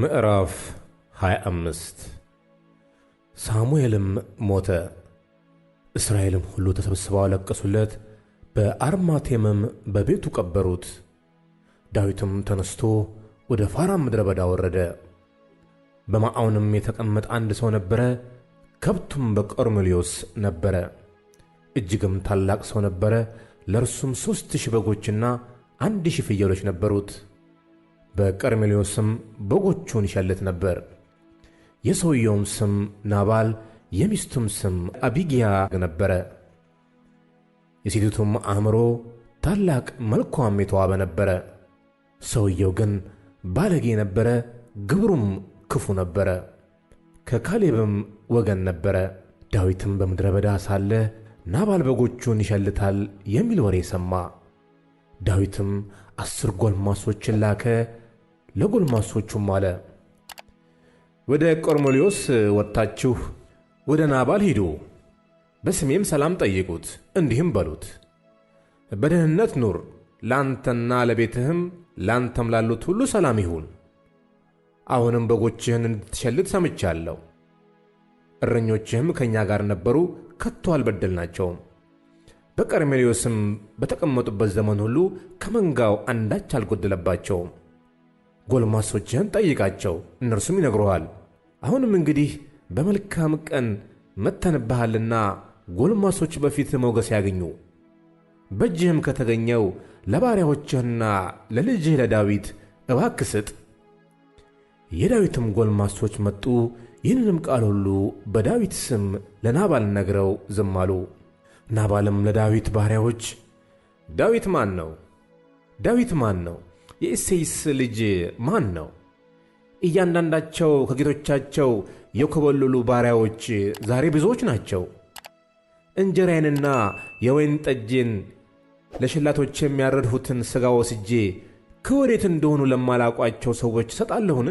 ምዕራፍ 25 ሳሙኤልም ሞተ፣ እስራኤልም ሁሉ ተሰብስበው አለቀሱለት፣ በአርማቴምም በቤቱ ቀበሩት። ዳዊትም ተነስቶ ወደ ፋራን ምድረ በዳ ወረደ። በማዖንም የተቀመጠ አንድ ሰው ነበረ፣ ከብቱም በቆርኔሌዎስ ነበረ። እጅግም ታላቅ ሰው ነበረ። ለእርሱም ሦስት ሺህ በጎችና አንድ ሺህ ፍየሎች ነበሩት። በቀርሜሌዎስም በጎቹን ይሸልት ነበር። የሰውየውም ስም ናባል የሚስቱም ስም አቢግያ ነበረ። የሴቲቱም አእምሮ ታላቅ መልኳም የተዋበ ነበረ። ሰውየው ግን ባለጌ ነበረ፣ ግብሩም ክፉ ነበረ፣ ከካሌብም ወገን ነበረ። ዳዊትም በምድረ በዳ ሳለ ናባል በጎቹን ይሸልታል የሚል ወሬ ሰማ። ዳዊትም አስር ጎልማሶችን ላከ። ለጎልማሶቹም አለ፣ ወደ ቆርኔሌዎስ ወጥታችሁ ወደ ናባል ሂዱ፣ በስሜም ሰላም ጠይቁት፣ እንዲህም በሉት በደህንነት ኑር፣ ላንተና ለቤትህም ላንተም ላሉት ሁሉ ሰላም ይሁን። አሁንም በጎችህን እንድትሸልት ሰምቻለሁ። እረኞችህም ከእኛ ጋር ነበሩ፣ ከቶ አልበደልናቸውም። በቀርሜሌዎስም በተቀመጡበት ዘመን ሁሉ ከመንጋው አንዳች አልጎደለባቸውም። ጎልማሶችህን ጠይቃቸው፣ እነርሱም ይነግሩሃል። አሁንም እንግዲህ በመልካም ቀን መተንብሃልና ጎልማሶች በፊት ሞገስ ያግኙ። በእጅህም ከተገኘው ለባሪያዎችህና ለልጅህ ለዳዊት እባክ ስጥ። የዳዊትም ጎልማሶች መጡ፣ ይህንንም ቃል ሁሉ በዳዊት ስም ለናባል ነግረው ዝም አሉ። ናባልም ለዳዊት ባሪያዎች ዳዊት ማን ነው? ዳዊት ማን ነው? የእሴይስ ልጅ ማን ነው? እያንዳንዳቸው ከጌቶቻቸው የኮበለሉ ባሪያዎች ዛሬ ብዙዎች ናቸው። እንጀራዬንና የወይን ጠጅን ለሸላቶች የሚያረድሁትን ሥጋ ወስጄ ከወዴት እንደሆኑ ለማላቋቸው ሰዎች እሰጣለሁን?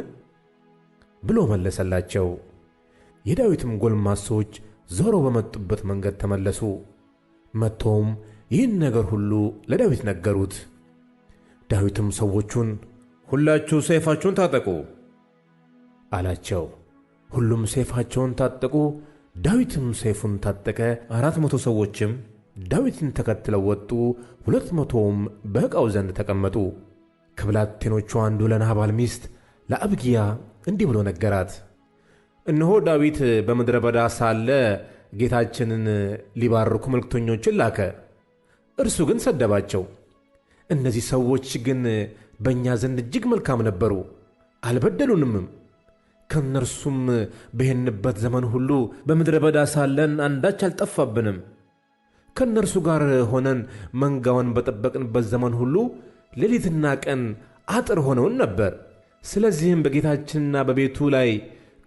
ብሎ መለሰላቸው። የዳዊትም ጎልማሶች ዞሮ በመጡበት መንገድ ተመለሱ። መጥቶም ይህን ነገር ሁሉ ለዳዊት ነገሩት። ዳዊትም ሰዎቹን ሁላችሁ ሰይፋችሁን ታጠቁ አላቸው። ሁሉም ሰይፋቸውን ታጠቁ። ዳዊትም ሰይፉን ታጠቀ። አራት መቶ ሰዎችም ዳዊትን ተከትለው ወጡ። ሁለት መቶውም በዕቃው ዘንድ ተቀመጡ። ከብላቴኖቹ አንዱ ለናባል ሚስት ለአብጊያ እንዲህ ብሎ ነገራት። እነሆ ዳዊት በምድረ በዳ ሳለ ጌታችንን ሊባርኩ መልክተኞችን ላከ፣ እርሱ ግን ሰደባቸው። እነዚህ ሰዎች ግን በእኛ ዘንድ እጅግ መልካም ነበሩ፣ አልበደሉንም ከእነርሱም በሄንበት ዘመን ሁሉ በምድረ በዳ ሳለን አንዳች አልጠፋብንም። ከእነርሱ ጋር ሆነን መንጋውን በጠበቅንበት ዘመን ሁሉ ሌሊትና ቀን አጥር ሆነውን ነበር። ስለዚህም በጌታችንና በቤቱ ላይ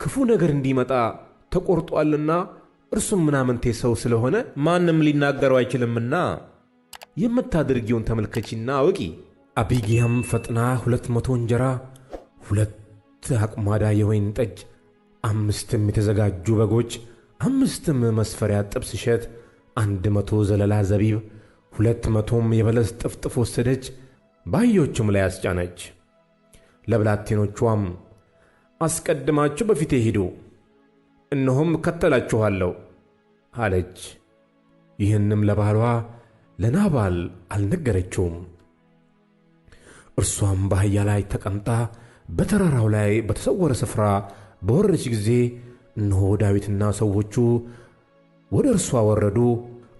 ክፉ ነገር እንዲመጣ ተቆርጧልና እርሱም ምናምንቴ ሰው ስለሆነ ማንም ሊናገረው አይችልምና የምታደርጊውን ተመልከቺና አውቂ። አቢጊያም ፈጥና ሁለት መቶ እንጀራ፣ ሁለት አቁማዳ የወይን ጠጅ፣ አምስትም የተዘጋጁ በጎች፣ አምስትም መስፈሪያ ጥብስ እሸት፣ አንድ መቶ ዘለላ ዘቢብ፣ ሁለት መቶም የበለስ ጥፍጥፍ ወሰደች፣ በአህዮቹም ላይ አስጫነች። ለብላቴኖቿም አስቀድማችሁ በፊቴ ሂዱ፣ እነሆም እከተላችኋለሁ አለች። ይህንም ለባሏ ለናባል አልነገረችውም። እርሷም በአህያ ላይ ተቀምጣ በተራራው ላይ በተሰወረ ስፍራ በወረደች ጊዜ እነሆ ዳዊትና ሰዎቹ ወደ እርሷ ወረዱ።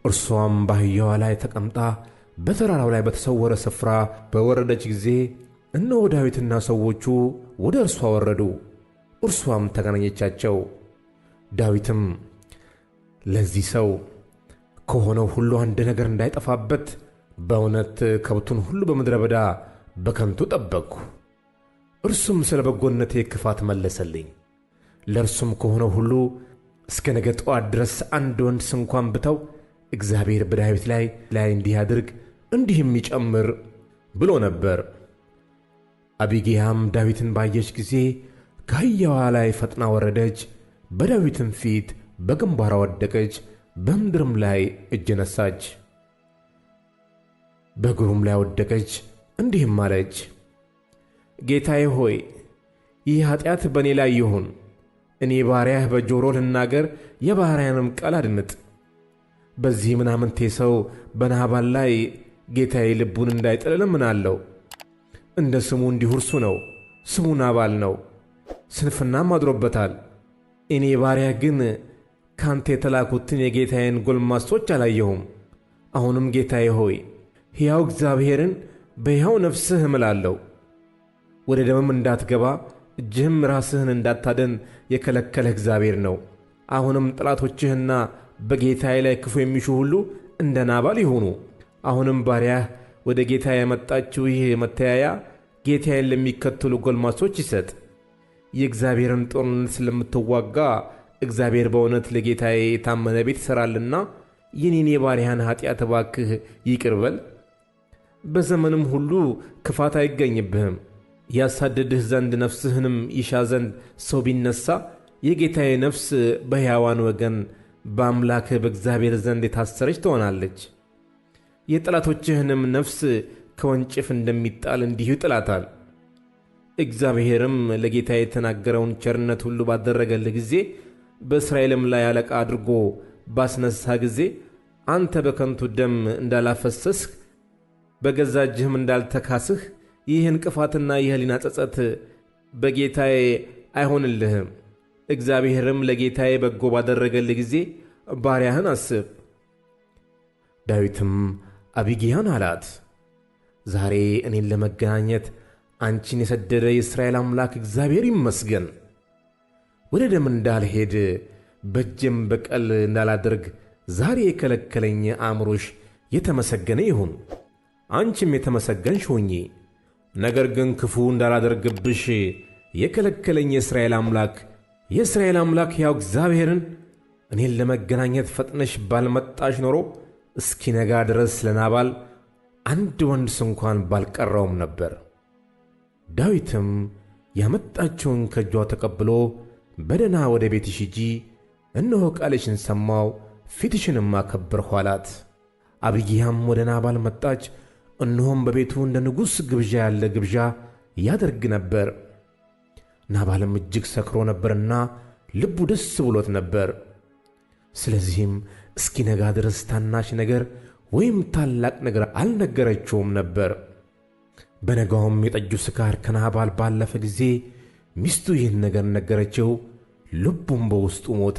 እርሷም በአህያዋ ላይ ተቀምጣ በተራራው ላይ በተሰወረ ስፍራ በወረደች ጊዜ እነሆ ዳዊትና ሰዎቹ ወደ እርሷ ወረዱ። እርሷም ተገናኘቻቸው። ዳዊትም ለዚህ ሰው ከሆነው ሁሉ አንድ ነገር እንዳይጠፋበት በእውነት ከብቱን ሁሉ በምድረ በዳ በከንቱ ጠበቅሁ። እርሱም ስለ በጎነቴ ክፋት መለሰልኝ። ለእርሱም ከሆነው ሁሉ እስከ ነገ ጠዋት ድረስ አንድ ወንድ ስንኳን ብተው እግዚአብሔር በዳዊት ላይ ላይ እንዲህ ያድርግ እንዲህም ይጨምር ብሎ ነበር። አቢጌያም ዳዊትን ባየች ጊዜ ከአህያዋ ላይ ፈጥና ወረደች፣ በዳዊትም ፊት በግንባሯ ወደቀች። በምድርም ላይ እጅ ነሳች በእግሩም ላይ ወደቀች፣ እንዲህም አለች፦ ጌታዬ ሆይ ይህ ኃጢአት በእኔ ላይ ይሁን፤ እኔ ባሪያህ በጆሮ ልናገር፣ የባሪያንም ቃል አድምጥ። በዚህ ምናምንቴ ሰው በናባል ላይ ጌታዬ ልቡን እንዳይጥል እለምናለሁ። እንደ ስሙ እንዲሁ እርሱ ነው፤ ስሙ ናባል ነው፤ ስንፍናም አድሮበታል። እኔ ባሪያህ ግን ካንተ የተላኩትን የጌታዬን ጎልማሶች አላየሁም። አሁንም ጌታዬ ሆይ ሕያው እግዚአብሔርን በሕያው ነፍስህ እምላለሁ። ወደ ደምም እንዳትገባ እጅህም ራስህን እንዳታደን የከለከለህ እግዚአብሔር ነው። አሁንም ጠላቶችህና በጌታዬ ላይ ክፉ የሚሹ ሁሉ እንደ ናባል ይሁኑ። አሁንም ባሪያህ ወደ ጌታ የመጣችው ይህ መተያያ ጌታዬን ለሚከተሉ ጎልማሶች ይሰጥ። የእግዚአብሔርን ጦርነት ስለምትዋጋ እግዚአብሔር በእውነት ለጌታዬ የታመነ ቤት ይሠራልና የኔን የባሪያን ኃጢአት እባክህ ይቅር በል። በዘመንም ሁሉ ክፋት አይገኝብህም። ያሳደድህ ዘንድ ነፍስህንም ይሻ ዘንድ ሰው ቢነሣ የጌታዬ ነፍስ በሕያዋን ወገን በአምላክህ በእግዚአብሔር ዘንድ የታሰረች ትሆናለች። የጠላቶችህንም ነፍስ ከወንጭፍ እንደሚጣል እንዲሁ ይጥላታል። እግዚአብሔርም ለጌታ የተናገረውን ቸርነት ሁሉ ባደረገልህ ጊዜ በእስራኤልም ላይ አለቃ አድርጎ ባስነሳ ጊዜ አንተ በከንቱ ደም እንዳላፈሰስህ በገዛ እጅህም እንዳልተካስህ ይህ እንቅፋትና የህሊና ጸጸት በጌታዬ አይሆንልህም። እግዚአብሔርም ለጌታዬ በጎ ባደረገልህ ጊዜ ባሪያህን አስብ። ዳዊትም አቢጊያን አላት፣ ዛሬ እኔን ለመገናኘት አንቺን የሰደደ የእስራኤል አምላክ እግዚአብሔር ይመስገን። ወደ ደም እንዳልሄድ በጀም በቀል እንዳላደርግ ዛሬ የከለከለኝ አእምሮሽ የተመሰገነ ይሁን፣ አንቺም የተመሰገንሽ ሁኚ። ነገር ግን ክፉ እንዳላደርግብሽ የከለከለኝ የእስራኤል አምላክ የእስራኤል አምላክ ያው እግዚአብሔርን እኔን ለመገናኘት ፈጥነሽ ባልመጣሽ ኖሮ እስኪነጋ ድረስ ለናባል አንድ ወንድ ስንኳን ባልቀረውም ነበር። ዳዊትም ያመጣችውን ከእጇ ተቀብሎ በደና ወደ ቤትሽ ሂጂ፣ እነሆ ቃልሽን ሰማው፣ ፊትሽንም አከበርሁ አላት። አቢግያም ወደ ናባል መጣች። እነሆም በቤቱ እንደ ንጉሥ ግብዣ ያለ ግብዣ ያደርግ ነበር። ናባልም እጅግ ሰክሮ ነበርና ልቡ ደስ ብሎት ነበር። ስለዚህም እስኪነጋ ድረስ ታናሽ ነገር ወይም ታላቅ ነገር አልነገረችውም ነበር። በነጋውም የጠጁ ስካር ከናባል ባለፈ ጊዜ ሚስቱ ይህን ነገር ነገረችው። ልቡም በውስጡ ሞተ፣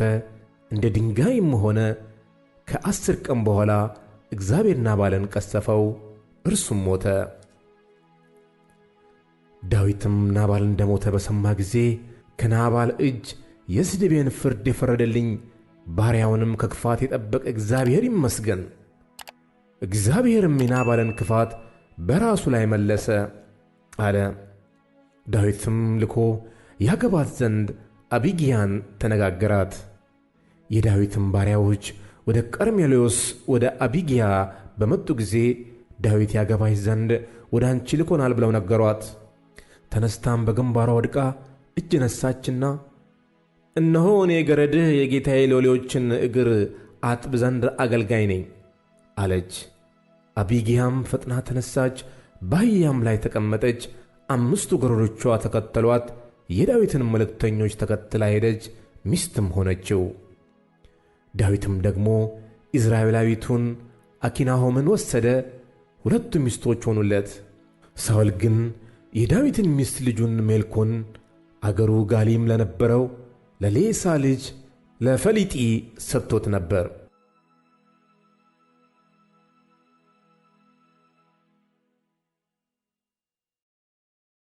እንደ ድንጋይም ሆነ። ከአስር ቀን በኋላ እግዚአብሔር ናባልን ቀሰፈው፣ እርሱም ሞተ። ዳዊትም ናባል እንደ ሞተ በሰማ ጊዜ ከናባል እጅ የስድቤን ፍርድ የፈረደልኝ ባሪያውንም ከክፋት የጠበቀ እግዚአብሔር ይመስገን። እግዚአብሔርም የናባልን ክፋት በራሱ ላይ መለሰ አለ። ዳዊትም ልኮ ያገባት ዘንድ አቢግያን ተነጋገራት። የዳዊትም ባሪያዎች ወደ ቀርሜሎስ ወደ አቢግያ በመጡ ጊዜ ዳዊት ያገባሽ ዘንድ ወደ አንቺ ልኮናል ብለው ነገሯት። ተነስታም በግንባሯ ወድቃ እጅ ነሳችና እነሆ እኔ ገረድህ የጌታዬ ሎሌዎችን እግር አጥብ ዘንድ አገልጋይ ነኝ አለች። አቢግያም ፈጥና ተነሳች፣ በአህያም ላይ ተቀመጠች። አምስቱ ገረዶቿ ተከተሏት። የዳዊትን መልእክተኞች ተከትላ ሄደች፣ ሚስትም ሆነችው። ዳዊትም ደግሞ ኢዝራኤላዊቱን አኪናሆምን ወሰደ፣ ሁለቱ ሚስቶች ሆኑለት። ሳውል ግን የዳዊትን ሚስት ልጁን ሜልኮን አገሩ ጋሊም ለነበረው ለሌሳ ልጅ ለፈሊጢ ሰጥቶት ነበር።